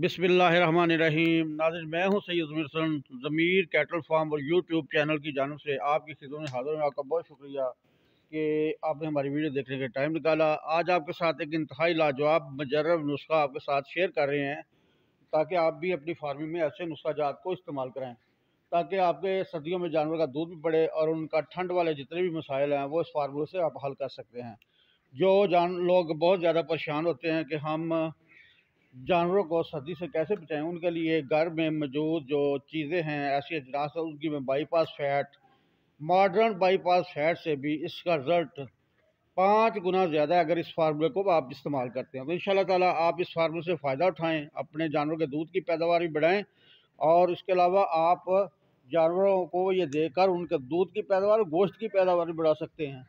بسم اللہ الرحمن الرحیم ناظر میں ہوں سید عمر سن ضمیر کیٹل فارم اور یوٹیوب چینل کی جانب سے آپ کی خدمت میں حاضر ہوں آپ کا بہت شکریہ کہ آپ نے ہماری ویڈیو دیکھنے کے ٹائم نکالا آج آپ کے ساتھ ایک انتہائی لاجواب مجرب نسخہ آپ کے ساتھ شیئر کر رہے ہیں تاکہ آپ بھی اپنی فارمنگ میں ایسے نسخہ جات کو استعمال کریں تاکہ آپ کے سردیوں میں جانور کا دودھ بھی پڑے اور ان کا ٹھنڈ والے جتنے بھی مسائل ہیں وہ اس فارمولے سے آپ حل کر سکتے ہیں جو جان لوگ بہت زیادہ پریشان ہوتے ہیں کہ ہم جانوروں کو سردی سے کیسے بچائیں ان کے لیے گھر میں موجود جو چیزیں ہیں ایسی ہیں ان کی میں bypass fat modern bypass fat سے بھی اس کا رزلٹ پانچ گنا زیادہ ہے اگر اس فارمولے کو آپ استعمال کرتے ہیں تو انشاءاللہ تعالی تعالیٰ آپ اس فارمولے سے فائدہ اٹھائیں اپنے جانوروں کے دودھ کی پیداوار بھی بڑھائیں اور اس کے علاوہ آپ جانوروں کو یہ دے کر ان کے دودھ کی پیداوار گوشت کی پیداوار بڑھا سکتے ہیں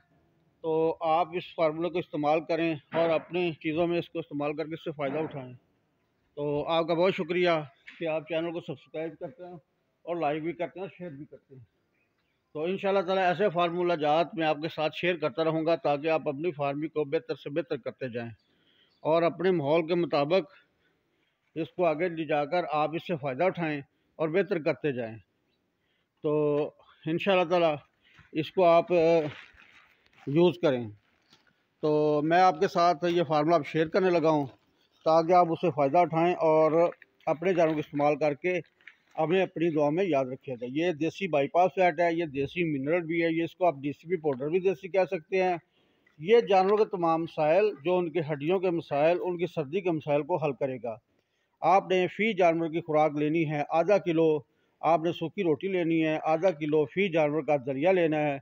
تو آپ اس فارمولے کو استعمال کریں اور اپنے چیزوں میں اس کو استعمال کر کے اس سے فائدہ اٹھائیں تو آپ کا بہت شکریہ کہ آپ چینل کو سبسکرائب کرتے ہیں اور لائک بھی کرتے ہیں شیئر بھی کرتے ہیں تو ان شاء اللہ تعالیٰ ایسے فارمولہ جات میں آپ کے ساتھ شیئر کرتا رہوں گا تاکہ آپ اپنی فارمی کو بہتر سے بہتر کرتے جائیں اور اپنے ماحول کے مطابق اس کو آگے لے جا کر آپ اس سے فائدہ اٹھائیں اور بہتر کرتے جائیں تو ان شاء اللہ تعالیٰ اس کو آپ یوز کریں تو میں آپ کے ساتھ یہ فارمولہ شیئر کرنے لگا ہوں تاکہ آپ اسے فائدہ اٹھائیں اور اپنے جانوروں کو استعمال کر کے ہمیں اپنی دعا میں یاد رکھیے گا یہ دیسی بائی پاس فیٹ ہے یہ دیسی منرل بھی ہے یہ اس کو آپ ڈی سی پی پاؤڈر بھی دیسی کہہ سکتے ہیں یہ جانوروں کے تمام مسائل جو ان کے ہڈیوں کے مسائل ان کی سردی کے مسائل کو حل کرے گا آپ نے فی جانور کی خوراک لینی ہے آدھا کلو آپ نے سوکھی روٹی لینی ہے آدھا کلو فی جانور کا ذریعہ لینا ہے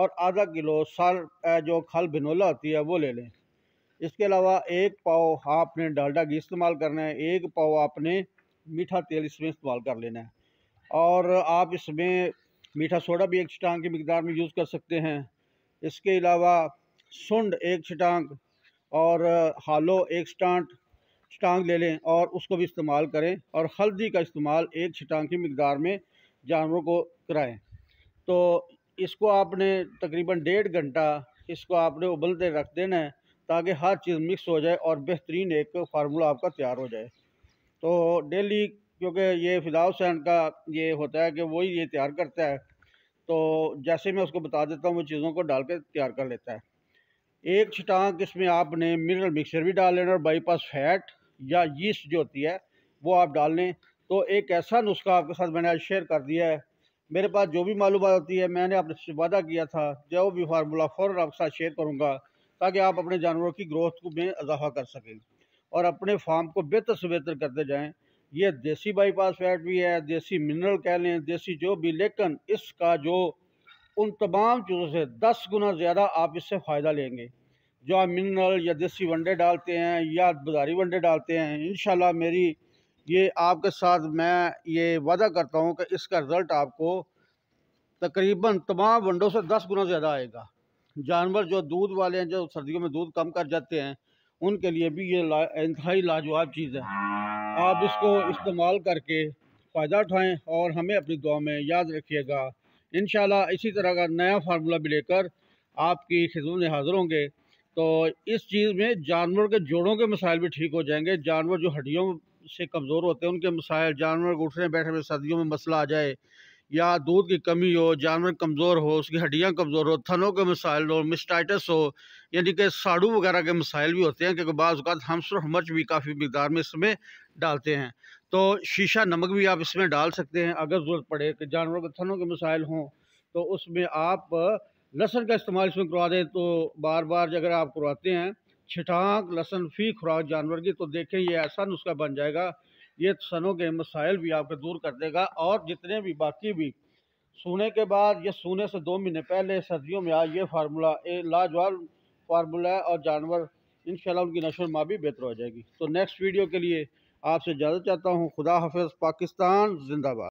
اور آدھا کلو سر جو کھل بنولا ہوتی ہے وہ لے لیں اس کے علاوہ ایک پاؤ آپ نے ڈالڈا گھی استعمال کرنا ہے ایک پاؤ آپ نے میٹھا تیل اس میں استعمال کر لینا ہے اور آپ اس میں میٹھا سوڈا بھی ایک چٹانگ کی مقدار میں یوز کر سکتے ہیں اس کے علاوہ سنڈ ایک چٹانگ اور ہالو ایک سٹانٹ چٹانگ لے لیں اور اس کو بھی استعمال کریں اور ہلدی کا استعمال ایک چھٹانگ کی مقدار میں جانوروں کو کرائیں تو اس کو آپ نے تقریباً ڈیڑھ گھنٹہ اس کو آپ نے ابلتے رکھ دینا ہے تاکہ ہر چیز مکس ہو جائے اور بہترین ایک فارمولہ آپ کا تیار ہو جائے تو ڈیلی کیونکہ یہ فدا حسین کا یہ ہوتا ہے کہ وہی یہ تیار کرتا ہے تو جیسے میں اس کو بتا دیتا ہوں وہ چیزوں کو ڈال کے تیار کر لیتا ہے ایک چھٹانک اس میں آپ نے منرل مکسر بھی ڈال لینا اور بائی پاس فیٹ یا یسٹ جو ہوتی ہے وہ آپ ڈال لیں تو ایک ایسا نسخہ آپ کے ساتھ میں نے آج شیئر کر دیا ہے میرے پاس جو بھی معلومات ہوتی ہے میں نے آپ سے وعدہ کیا تھا جو بھی فارمولہ فوراً آپ کے ساتھ شیئر کروں گا تاکہ آپ اپنے جانوروں کی گروتھ کو میں اضافہ کر سکیں اور اپنے فارم کو بہتر سے بہتر کرتے جائیں یہ دیسی بائی پاس فیٹ بھی ہے دیسی منرل کہہ لیں دیسی جو بھی لیکن اس کا جو ان تمام چیزوں سے دس گنا زیادہ آپ اس سے فائدہ لیں گے جو آپ منرل یا دیسی ونڈے ڈالتے ہیں یا بازاری ونڈے ڈالتے ہیں انشاءاللہ میری یہ آپ کے ساتھ میں یہ وعدہ کرتا ہوں کہ اس کا رزلٹ آپ کو تقریباً تمام ونڈوں سے دس گنا زیادہ آئے گا جانور جو دودھ والے ہیں جو سردیوں میں دودھ کم کر جاتے ہیں ان کے لیے بھی یہ انتہائی لاجواب چیز ہے آپ اس کو استعمال کر کے فائدہ اٹھائیں اور ہمیں اپنی دعا میں یاد رکھیے گا انشاءاللہ اسی طرح کا نیا فارمولہ بھی لے کر آپ کی خدمت میں حاضر ہوں گے تو اس چیز میں جانور کے جوڑوں کے مسائل بھی ٹھیک ہو جائیں گے جانور جو ہڈیوں سے کمزور ہوتے ہیں ان کے مسائل جانور اٹھنے بیٹھنے میں سردیوں میں مسئلہ آ جائے یا دودھ کی کمی ہو جانور کمزور ہو اس کی ہڈیاں کمزور ہو تھنوں کے مسائل ہو مسٹائٹس ہو یعنی کہ ساڑو وغیرہ کے مسائل بھی ہوتے ہیں کیونکہ بعض اوقات ہم و مرچ بھی کافی مقدار میں اس میں ڈالتے ہیں تو شیشہ نمک بھی آپ اس میں ڈال سکتے ہیں اگر ضرورت پڑے کہ جانوروں کے تھنوں کے مسائل ہوں تو اس میں آپ لہسن کا استعمال اس میں کروا دیں تو بار بار اگر آپ کرواتے ہیں چھٹانک لہسن فی خوراک جانور کی تو دیکھیں یہ ایسا نسخہ بن جائے گا یہ سنوں کے مسائل بھی آپ کے دور کر دے گا اور جتنے بھی باقی بھی سونے کے بعد یا سونے سے دو مہینے پہلے سردیوں میں آئے یہ فارمولا لاجوال فارمولا ہے اور جانور انشاءاللہ ان کی نشو ماں بھی بہتر ہو جائے گی تو نیکسٹ ویڈیو کے لیے آپ سے اجازت چاہتا ہوں خدا حافظ پاکستان زندہ باد